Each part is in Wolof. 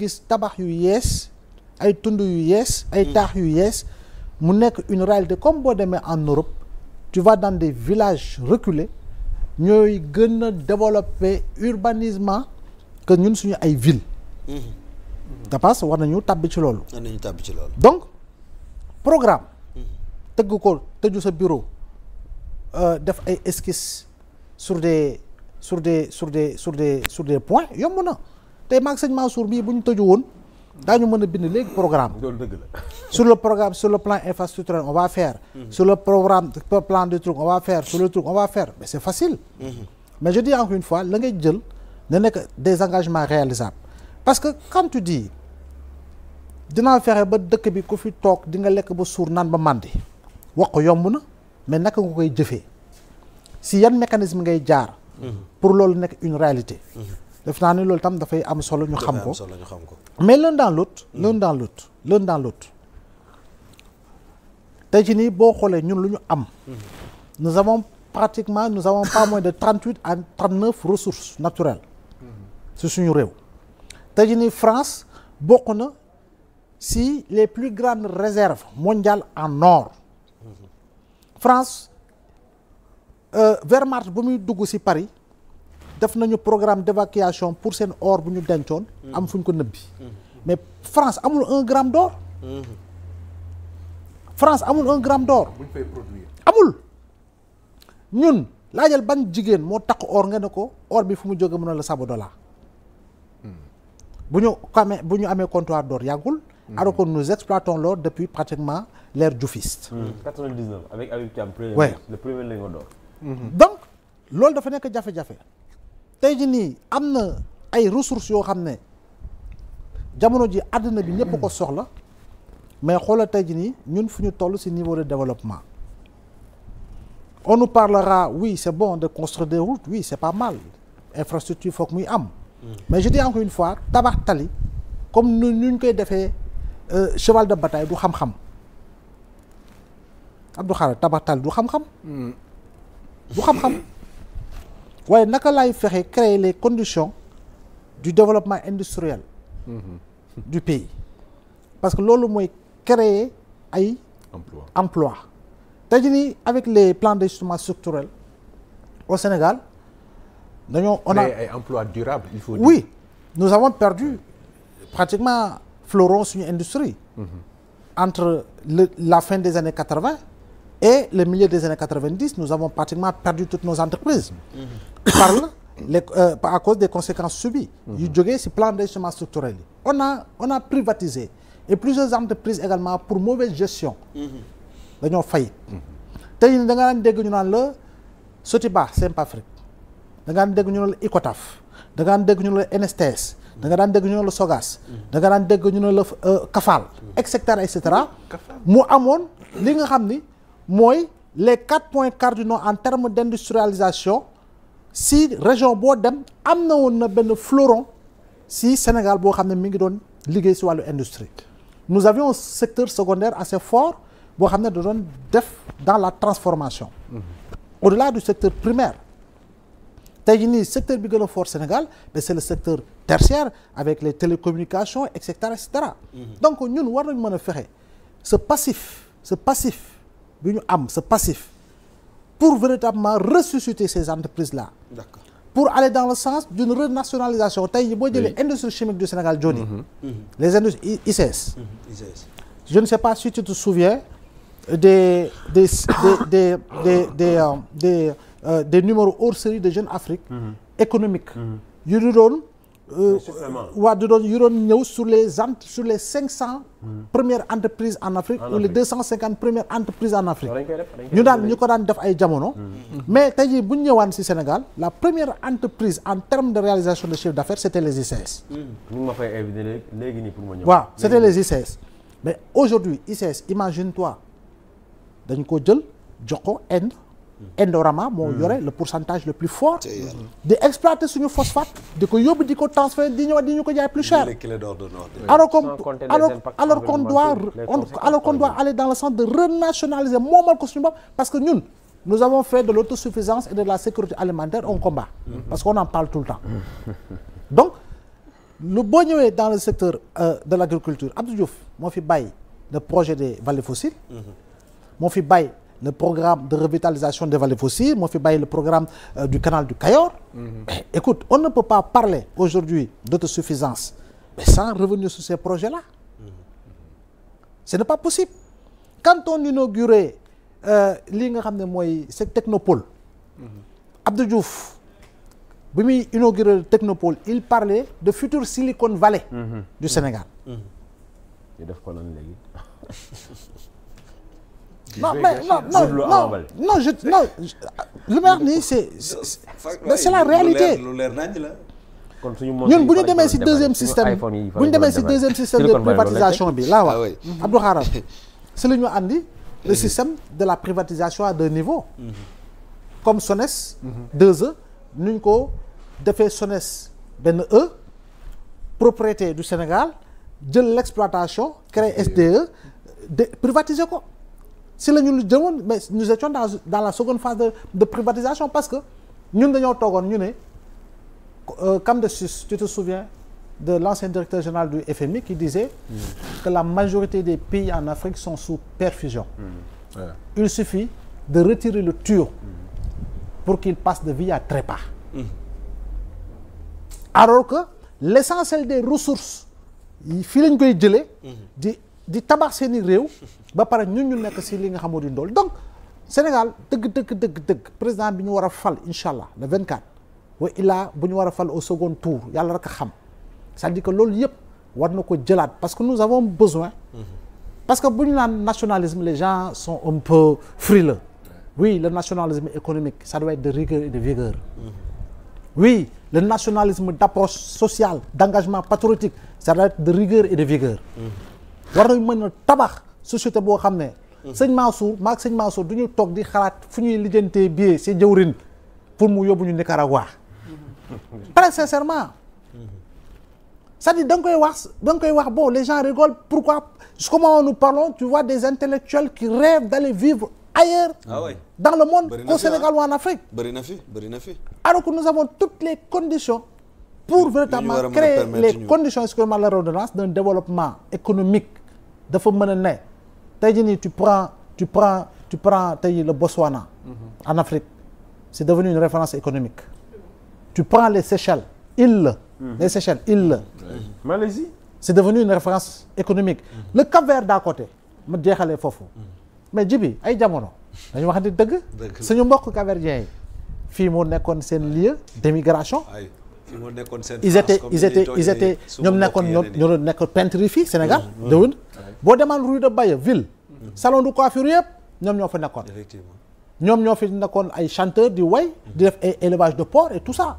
gis tabax yu yees ay tund yu yees ay mm. taax yu yees mu nekk une réalité comme boo demee en Europe tu vas dans des villages reculés ñooy gën a développer urbanisme que ñun suñu ay ville dapas mm-hmm. war nañu tàbbi ci loolu nañu tàbbi ci loolu donc programme mm-hmm. tëgg ko tëju sa bureau euh, def ay esquisse sur des sur de sur des sur des sur des point yomb na tey maag sëñ Mansour bii bu ñu tëju woon daañu mën a bind léegi programme sur le programme sur le plan infrastructurel on va faire mhm. sur le programme plan de truc on va faire sur le truc on va faire mais c'est facile mhm. mais je dis encore une fois la ngay jël na nekk des engagements réalisables parce que quand tu dis dinaa fexe ba dëkk bi ku fi toog di nga lekk ba suur naan ba màndi wax ko yomb na mais naka nga koy jëfee si yan mécanisme ngay jaar mhm. pour loolu nekk une réalité def naa ne loolu tam dafay am solo ñu xam ko mais l'un dans lot l'un dans l'autre l'un dans l'autre tey ci nii boo xoolee ñun lu ñu am nous avons pratiquement nous avons pas moins de trente huit à trente neuf ressources naturelles si suñu réew tey ci nii France bokk na si les plus grandes réserves mondiales en or France euh, Wehrmacht bu muy dugg si Paris def nañu programme d'évacuation pour seen or bu ñu dencoon. am fu ñu ko nëbbi. mais France amul un gramme d'or. France amul un gramme d'or. amul. ñun laajal ban jigéen moo takk or nga ne ko or bi fu mu jóge mun a la Sabodala. bu ñu amee bu ñu amee comptoir d'or yàggul. alors que nous exploitons l'or depuis pratiquement l'ère djoufiste. 99 avec Habib Thiam. premier le donc loolu dafa nekk jafe-jafe. tey ji nii am na ay ressources yoo xam ne jamono ji àddina bi ñëpp ko soxla mais xoola tey ji nii ñun fu ñu toll ci niveau de développement on nous parlera oui c'est bon de construire des routes oui c'est pas mal infrastructure foog muy am mm. mais je dis encore une fois tabax tali comme nu ñu koy defee euh, cheval de bataille du xam-xam Abdou Khare tabax tali du xam-xam mm. du xam-xam waaye naka lay fexe créer les conditions du développement industriel mhm. du pays parce que loolu mooy créer ay emploi tey jii nii avec les plans d'ajustement structurel au Sénégal dañoo on a ay emploi durable il faut dire. oui nous avons perdu pratiquement fleuron suñu industrie mhm. entre le la fin des années quatre-vingt Et le milieu des années 90, nous avons pratiquement perdu toutes nos entreprises. Mmh. Par là, les, euh, à cause des conséquences subies. Mhm. yu jógee ci plan d'ajustement structurel yi. on a on a privatisé et plusieurs entreprises également pour mauvaise gestion. Mhm. dañoo fay. tey da nga daan dégg ñu naan la Sotiba Simpafric da nga daan dégg ñu ne la Icotaf da nga daan dégg ñu ne la da nga daan dégg ñu la Sogas mhm. da nga daan dégg ñu ne la euh, Kafal et cetera et cetera mu amoon li nga xam ni. mooy les quatre points cardinaux en termes d' industrialisation si région boo dem am na woon na benn fleuron si Sénégal boo xam ne mi ngi doon liggéey si wàllu industrie nu avions un secteur secondaire assez fort boo xam ne da doon def dans la transformation mm-hmm. au delà du secteur primaire tey jii nii secteur bi gën a fort Sénégal mais c' le secteur tertiaire avec les télécommunications et cetera et cetera mm-hmm. donc ñun war nañ mën a fexe ce passif ce passif bi ñu am ce passif pour véritablement ressusciter ces entreprises là. d'accord. pour aller dans le sens d'une renationalisation tey jii boo jëlee industrie chimique du Sénégal joni mm -hmm. Mm-hmm. les industries ICS. Mm -hmm. je ne pas si tu te des des des des des des euh, des, euh, numéros hors de Jeune Afrique. Mm -hmm. économique. Mm-hmm. yu ñu Euh, euh, waa di doon yu doon ñëw sur les ent sur les cinq cent première entreprises en Afrique ou les deux cent cinquante premières entreprises en Afrique ñu daan ñu ko daan def ay jamono hmm. Hmm. mais tey jii bu ñëwaan si Sénégal la première entreprise en termes de réalisation de chiffre d'affaires c'était les ICS hmm. léegi nii pour ma ñëw waaw c'était les ICS mais aujourd'hui ICS imagine-toi dañ ko jël jox ko Inde Indorama moo mm. yore le pourcentage le plus fort di exploiter suñu phosphate di ko yóbbu di ko transférer di ñëwaat di ñu ko jaay plus cher alors qu'on alors alors qu'on doit alors qu'on doit aller dans le sens de renationaliser moomal ko suñu bopp parce que ñun nous avons fait de l'autosuffisance et de la sécurité alimentaire un combat mm-hmm. parce qu'on en parle tout le temps donc lu boo ñëwee dans le secteur euh, de l'agriculture Abdou Diouf moo fi bàyyi le projet des vallées fossiles mm-hmm. moo fi bàyyi le programme de revitalisation des vallées fossiles moo fi bàyyi le programme euh, du canal du Cayor mm -hmm. écoute on ne peut pas parler aujourd'hui d'autosuffisance mais sans revenir sur ces projets-là mm ce n'est pas possible quand on inaugurait euh, li nga xam ne mooy c'est technopole mm -hmm. Abdou Diouf bi muy inaugurer le technopole il parlait de future Silicon Valley mhm. du Sénégal mhm. non mais non non non non je non lu ma wax nii c'est c'est la réalité. kon suñu ñun bu ñu demee si deuxième système bu ñu demee si deuxième système de privatisation bi laa ah wax. Abdou Xaaral si la ñu andi. le mm-hmm. système de la privatisation à deux niveaux. Mm-hmm. comme SONES. Mm-hmm. deux E nu ñu ko defee SONES benn E. propriété du Sénégal jël l'exploitation créer SDE e, de privatiser ko. si la ñu jëmoon mais nous étions dans la seconde phase de de privatisation parce que ñun dañoo toogoon ñu ne Cam euh, de Sus tu te de l'ancien directeur général du FMI qui disait mm. que la majorité des pays en Afrique sont sous perfusion mm. il suffit de retirer le tuyau mm. pour qu'ils passent de vie très trépas alors que l'essentiel des ressources fii lañ koy jëlee di tabax seeni réew ba pare ñun ñu nekk si li nga xamoo di ndool donc Sénégal dëgg dëgg dëgg dëgg président bi ñu war a fal incha allah le 24 wa illaa bu ñu war a fal au second tour yàlla rek a xam sa à dire que loolu yëpp war na ko jëlaat parce que nous avons besoin mm-hmm. parce que bu ñu naan nationalisme les gens son un peu frileux oui le nationalisme économique sa doit être de rigueur mm-hmm. nationalisme d'approche sociale d'engagement patriotique ça doit être de rigueur et de vigueur mm-hmm. war nañ mën a tabax société boo xam ne. sëñ Mansour maag sëñ Mansour du ñu toog di xalaat fu ñuy lijjantee billet si jëwrin pour mu yóbbu ñu Nicaragua. très sincèrement. c'est-à-dire da koy wax da koy wax bon les gens rigolent pourquoi jusqu'au moment où nous parlons tu vois des intellectuels qui rêvent d'aller vivre ailleurs ah ouais. dans le monde au Sénégal ou en Afrique bëri na fi bëri na fi alors que nous avons toutes les conditions pour véritablement créer les conditions excusez-moi la redondance développement économique dafa mën a ne tey jii nii tu prends tu prends tu prends tey le Botswana. Mhm. en Afrique c'est devenu une référence économique. tu prends les Seychelles île la. Mhm. les ille île la. Malaisie. c'est devenu une référence économique. Mhm. le Cap-Vert d'à côté ma jeexalee foofu. mais jibi ay jamono dañu wax ni dëgg. suñu mbokk capverdiens yi fii moo nekkoon seen lieu d'émigration. ils étaient ils étaient ils étaient ñoom nekkoon ñoo doon nekk peintre yi fii Sénégal mm, mm. dawun boo demaan rue de Baye ville mm. salon de coiffure yëpp ñoom ñoo fa nekkoon effectivement ñoom ñoo fi nekkoon ay chanteur di way di def élévage élevage de porc et tout ça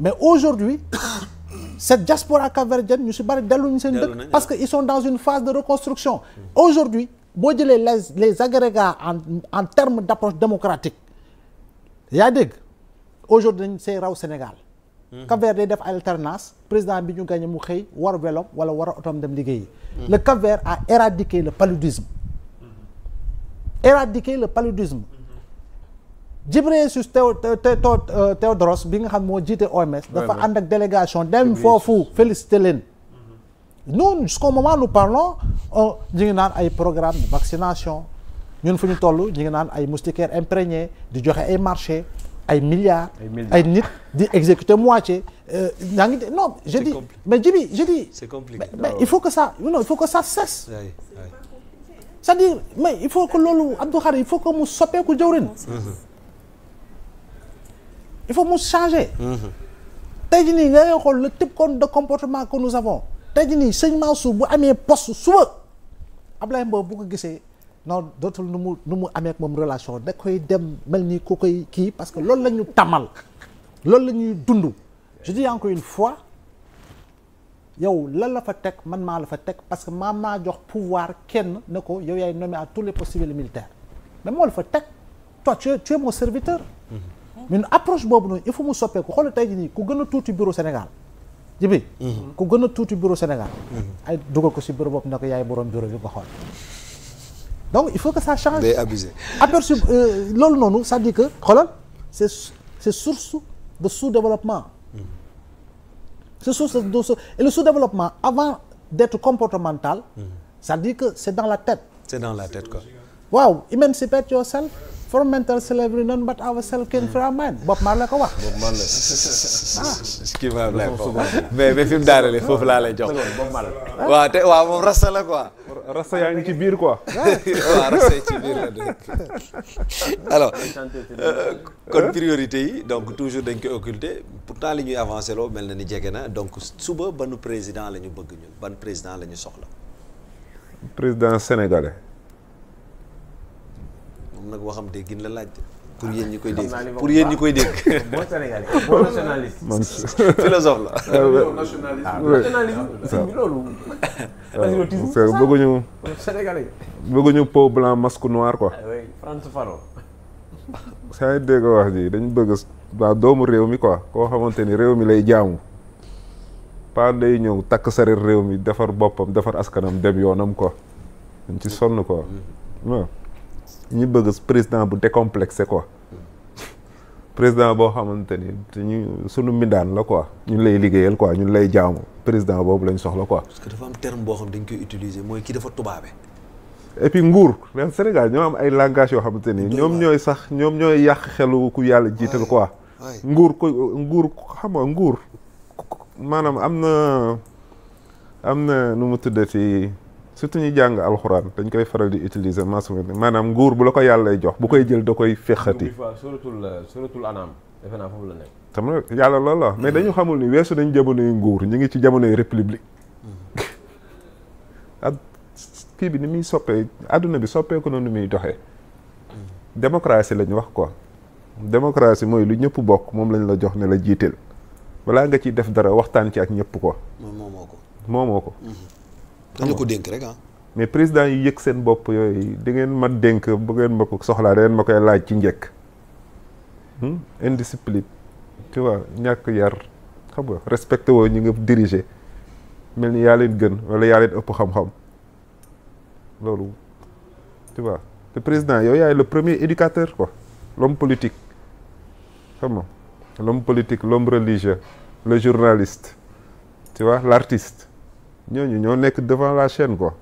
mais aujourd'hui cette diaspora capverdienne ñu si bari delluñu seen dëkk parce que ils sont dans une phase de reconstruction aujourd'hui boo jëlee les les agrégats en en termes d'approche démocratique yaa dégg aujourd'hui dañ say raw Sénégal Cap Vert day def alternance président bi ñu gagné mu xëy war velom wala war a dem liggéeyi. le Cap Vert a éradiqué le paludisme. éradiqué le paludisme. Ghebreyesus Tedros euh, bi nga xam moo jiite OMS. dafa ànd ak délégation dem foofu félicité leen. nous jusqu'au moment nous parlons ñu ngi naan ay programme de vaccination ñun fu ñu toll ñu ngi naan ay moustiquaires imprégnés di joxe ay marché ay milliards ay nit di exécuter moitié euh, yaa ngi non je dis mais Djibi je dis c'est compliqué mais il faut que ça non il faut que ça cesse cest dire mais il faut que loolu Abdou il faut que mu soppeeku jawrin mmh. il faut mu changer mmh. te jii nii ngay xool le comportement que nous avons tey jii nii sëñ Mansour bu amee poste suba Ablaye Mbow bu ko gisee non dootul nu mu nu mu amee moom relation da koy dem mel nii ku koy kii parce que loolu la ñu tàmmal loolu la ñuy dund je dis une fois yow lan la fa teg man maa la fa teg parce que maa maa jox pouvoir kenn ne ko yow yaay nommé à tous les postes civils et moo la fa teg toi tu es, tu es mon mhm. approche boobu noonu il faut mu soppeeku xoolal tey jii nii ku gën a tuuti bureau Sénégal jibi mhm. ku gën a tuuti bureau Sénégal mhm. ay dugal ko si bureau boobu ne yaay borom bureau donc il faut que ça change. day abusé euh, loolu noonu sa à dire que xoolal c'est c'est source de sous-développement. c'est source de sous et le sous-développement avant d'être comportemental. Hmm. cest dire que c'est dans la tête. c'est dans la yourself from mental slavery none but ourselves came hmm. from man Bob Marley la ko wax. Bob Marley la ko wax mais mais fi mu daanale foofu laa lay jox. waaw te waaw moom rasta la quoi. rasta yaa ngi ci biir quoi. waaw rasta yi ci biir la dëkk. alors kon euh, priorité yi donc toujours dañ koy occulter pourtant li ñuy avancer loo mel na ni jege na donc suba banu président la ñu bëgg ñun ban président la ñu soxla. président sénégalais. moom nag waxam déggin la laaj. pour yéen ñi koy dégg pour yéen ñi koy dégg. bon sénégalais bon nationaliste. moom philosophe blanc masque noir quoi. Ah, saa ngi dégg wax ji dañu bëgg waa doomu réew mi quoi koo xamante ni réew mi lay jaamu. paa day ñëw takk sareet réew mi defar boppam defar askanam dem yoonam quoi. dañ ci sonn quoi mm-hmm. ñu bëgg président bu décomplexé quoi président boo xamante ni ñu sunu mbindaan la quoi ñun lay liggéeyal quoi ñun lay jaamu président boobu lañ soxla quoi. parce que dafa am terme boo xam mooy kii dafa tubaabe. et puis nguur même Sénégal ñoo am ay langage yoo xamante ni ñoom ñooy sax ñoom ñooy yàq xelu ku yàlla jiital quoi. nguur ko nguur xam nga nguur maanaam am na am na nu mu tuddati. surtout ñi jàng alxuraan dañ koy faral di utiliser maanaam nguur bu la ko yàllay jox bu koy jël da koy fexati suratul suratul anam defe naa foofu la nekk sama yàlla loolu la mais dañu xamul ni weesu nañ jamonoy nguur ñu ngi ci jamonoy république mm-hmm. ak kii bi ni muy soppee àdduna bi soppeeku na ni muy doxee démocratie lañ wax quoi démocratie mooy lu ñëpp bokk moom lañ la jox ne la jiiteel balaa nga ciy def dara waxtaan ci ak ñëpp quoi ko moomoo ko mm-hmm. dañu ko dénk rek ah. mais président yi yëg seen bopp yooyu di ngeen ma dénk bu ngeen ma ko soxlaa da ngeen ma koy laaj ci njëkk. Hmm? indiscipline tu vois ñàkk yar xam nga respecté woo ñu nga diriger mel ni yaa leen gën walla yaa ëpp xam-xam loolu tu te président yow yaay le premier éducateur ko l'homme politique xam nga l'homme politique l'homme religieux le journaliste tu vois l'artiste ñooñu ñoo nekk devant la chaine ko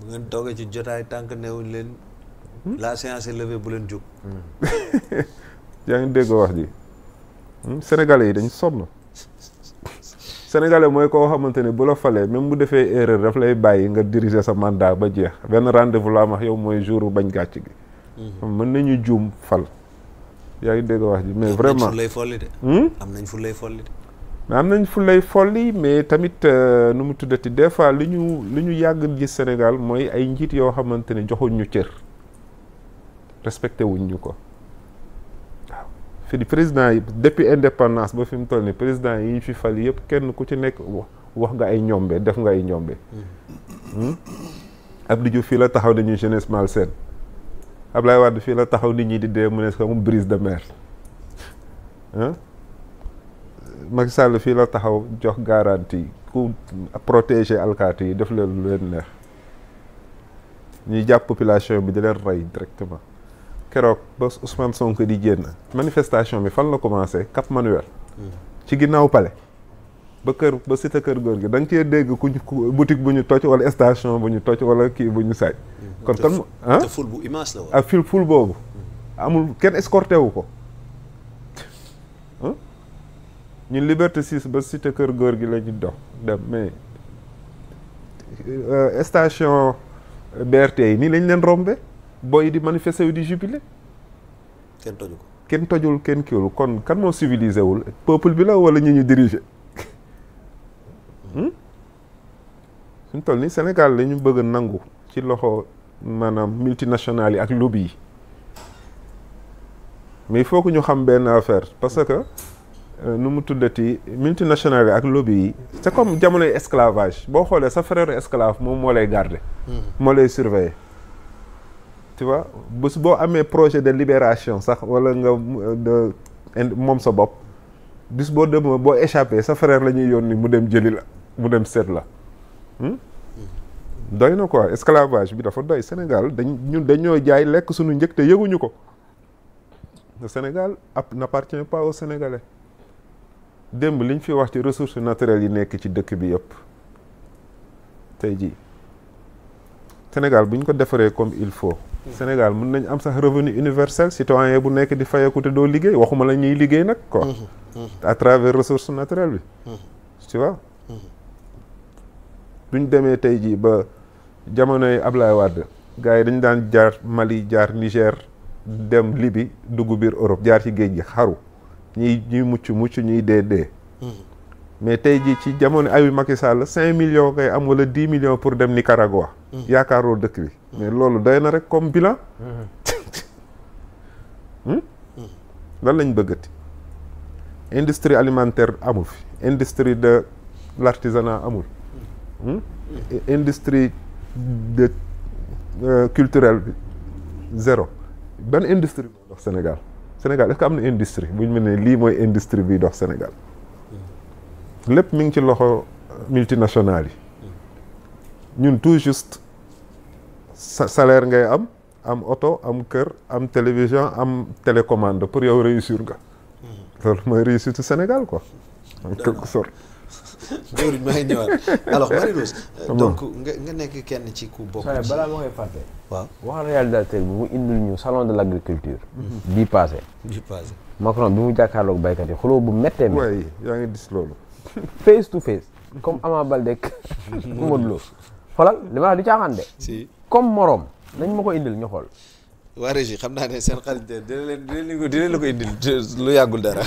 bu ngeen toogee ci jotaay tànk newuñ leen. Hmm? la séance est bu leen jóg. Hmm. yaa ngi dégg wax ji. Hmm? Sénégalais yi dañ sonn. Sénégalais mooy koo xamante ne bu la falee même bu defee erreur daf lay bàyyi nga diriger sa mandat ba jeex benn rendez-vous la am yow mooy jour bañ gàcc gi. mën nañu juum fal. yaa ngi dégg wax ji mais vraiment am nañ lay folli de. am nañ fu lay folli de. mais am nañ fulay folli mais tamit euh, nu mu tuddati des fois li ñu li ñu yàgg ji Sénégal mooy ay njiit yoo xamante ne joxuñ ñu cër respecté wuñ ñu ko fi di président yi depuis indépendance ba fi mu toll ni président yi ñu fi fal yëpp kenn ku ci nekk wax nga ay ñombe def nga ay ñombe hmm? Abdou ju fii la taxaw nañu jeunesse malsaine Ablaye Wade fii la taxaw nit ñi di dee mu ne comme brise de mer Macky Sall fii la taxaw jox garantie ku protéger alkaati yi def leen lu leen neex ñuy jàpp population bi di leen rey directement keroog ba Ousmane Sonko di génn manifestation bi fan la commencé Cap Manuel hmm. ci ginnaaw palais ba kër ba cité kër góor gi da cee dégg ku boutique bu ñu toj wala station bu ñu toj wala kii bu ñu saaj hmm. kon kan ah ful bu immense la woon ak ah, ful boobu hmm. amul kenn escorté wu ko ñu Liberté 6 ba cité kër góor gi la ñu dox dem mais euh, station BRT yi nii lañ leen rombe booy di manifester yu di jubilé. kenn ko kenn tojul kenn kiiwul kon kan moo civilisé wul peuple bi la wala ñi ñu diriger. suñ hmm? toll ni Sénégal la ñu bëgg nangu ci loxo maanaam multinationales yi ak lobby yi mais il faut que ñu xam benn affaire parce que. Euh, nu mu tuddati multinational yi ak lobby yi c'est comme jamonoy esclavage boo xoolee sa frère esclave moom moo lay garder hmm. moo lay surveiller tu vois boo amee projet de libération sax wala nga euh, moom sa bopp bis boo dem boo échappé sa frère la yoon ni mu dem jëli la mu dem seet la hmm? Hmm. doy na quoi esclavage bi dafa doy Sénégal dañ ñun dañoo jaay lekk suñu njëg te yëguñu ko sénégal Sénégal n'appartient pas aux Sénégalais démb li liñ fi wax ci ressources naturelles yi nekk ci dëkk bi yëpp tey jii senegal bu ñu ko defaree comme il faut. Sénégal mun nañ am sax revenu universel citoyen bu nekk di fayeeku te doo liggéey waxuma la ñuy liggéey nag quoi. Mhm, mhm. à travers ressource naturelle bi. Mhm. tu vois. duñ demee tey jii ba jamonoy Ablaye Wade gars yi dañ daan jaar Mali jaar Niger dem libi dugg biir Europe jaar ci géej gi xaru. ñuy ñuy mucc mucc ñuy dee dee. Hmm. mais tey jii ci jamono ayu Macky Sall cinq millions ngay am wala dix pour dem Nicaragua. Hmm. yaakaaroo dëkk bi. Hmm. mais loolu doy na rek comme bilan. lan lañ bëggati. industrie alimentaire amul fi industrie de l' amul. industrie de euh, culturelle bi zéro ban industrie moo dox Sénégal. Sénégal est-ce am na industrie bu ñu mën nee lii mooy industrie biy dox Sénégal lépp mu ngi ci loxo multinationales yi ñun tout juste salaire ngay am am oto am kër am télévision am télécommande pour yow réussir nga mm-hmm. loolu mooy réussir réussite Sénégal quoi en quelque sorte jëwriñ maa ngi ñëwaat euh, ah donc nga nga nekk kenn ci ku bokk ci balaa ma koy fàtte waaw waxal réalisateur bi mu indil ñu salon de l' agriculture mhm. bii passé bii passé Macron bi mu jàkkaarloog baykat yi xuloo bu mettee mi waay yaa dis loolu face to face comme Ama Baldé Modou Lo xoolal li ma du caaxaan de comme morom nañ ma ko indil ñu xool waa régie xam naa ne seen xarit dina leen dina leen ko indil lu yàggul dara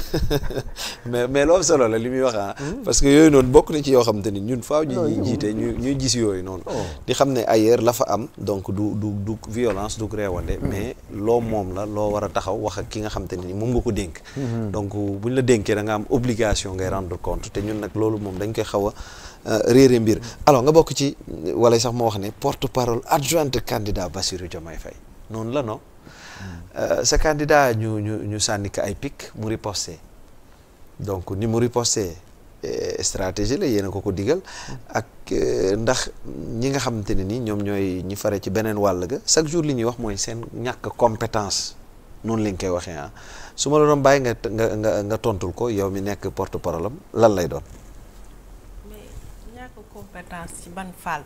mais mais loolu solo la li muy wax ah. Hmm? parce que yooyu bokk na ci yoo xamante ni ñun faaw ñu ñuy jiite ñu yooyu noonu. Oh. di xam ne ailleurs la fa am donc du du du violence du réewande. Hmm. mais loo moom la loo war a taxaw wax ak ki nga xamante ni moom nga ko dénk. Hmm. donc buñ la dénkee da am obligation ngay rendre compte te ñun nag loolu moom dañ koy xaw a. Euh, réere mbir alors nga bokk ci wala sax moo wax ne porte parole adjointe candidat Bassirou may fay noonu la non euh, sa candidat ñu ñu ñu sànni ko ay pic mu riposté donc ni mu riposté eh, stratégie la yéen a ko ko digal ak euh, ndax ñi nga xamante ne ni ñoom ñooy ñi fare ci beneen wàll ga chaque jour li ñuy wax mooy seen ñàkk compétence noonu lañ koy waxee ah su ma la doon bàyyi nga nga nga tontul ko yow mi nekk porte parole lan lay doon. ñàkk compétence ci ban fàll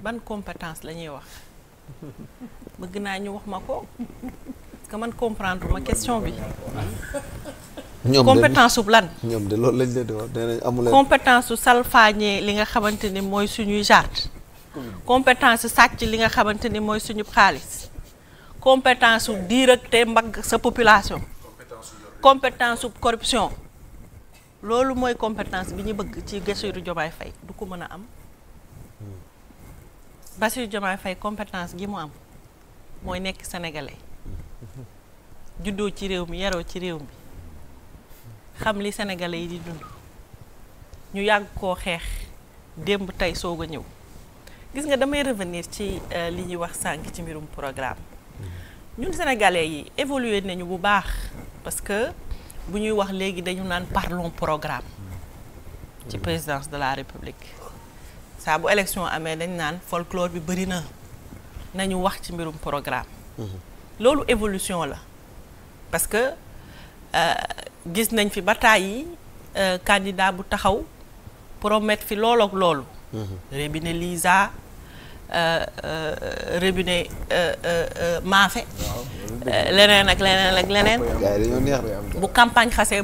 ban compétence la ñuy wax. bëgg naa ñu wax ma ko parce man comprendre ma question bi. ñoom compétence su lan. ñoom de loolu lañ leen di wax nee nañ compétence su salfaañee li nga xamante ni mooy suñuy jardin. compétence su sàcc li nga xamante ni mooy suñu xaalis. compétence su diir ak te mbagg sa population. compétence su corruption. loolu mooy compétence bi ñu bëgg ci Bassirou Diomaye fay du ko mën a am. Bassirou Diomaye fay compétence gi mu am mooy nekk sénégalais juddoo ci réew mi yaroo ci réew mi xam li sénégalais yi di dund ñu yàgg koo xeex démb tey soog a ñëw gis nga damay revenir ci euh, li ñuy wax sànq ci mbirum programme ñun sénégalais yi évoluer nañu bu baax parce que bu ñuy wax léegi dañu naan parlons programme ci présidence de la république saa bu élection amee dañ naan folklore bi bëri na nañu wax ci mbirum programme mhm. loolu évolution la parce que euh, gis nañ fi ba tàyyi euh, candidat bu taxaw promettre fi loolu ak loolu mhm. robinet Lisa euh, robinet Mafé leneen ak leneen ak leneen bu campagne xasee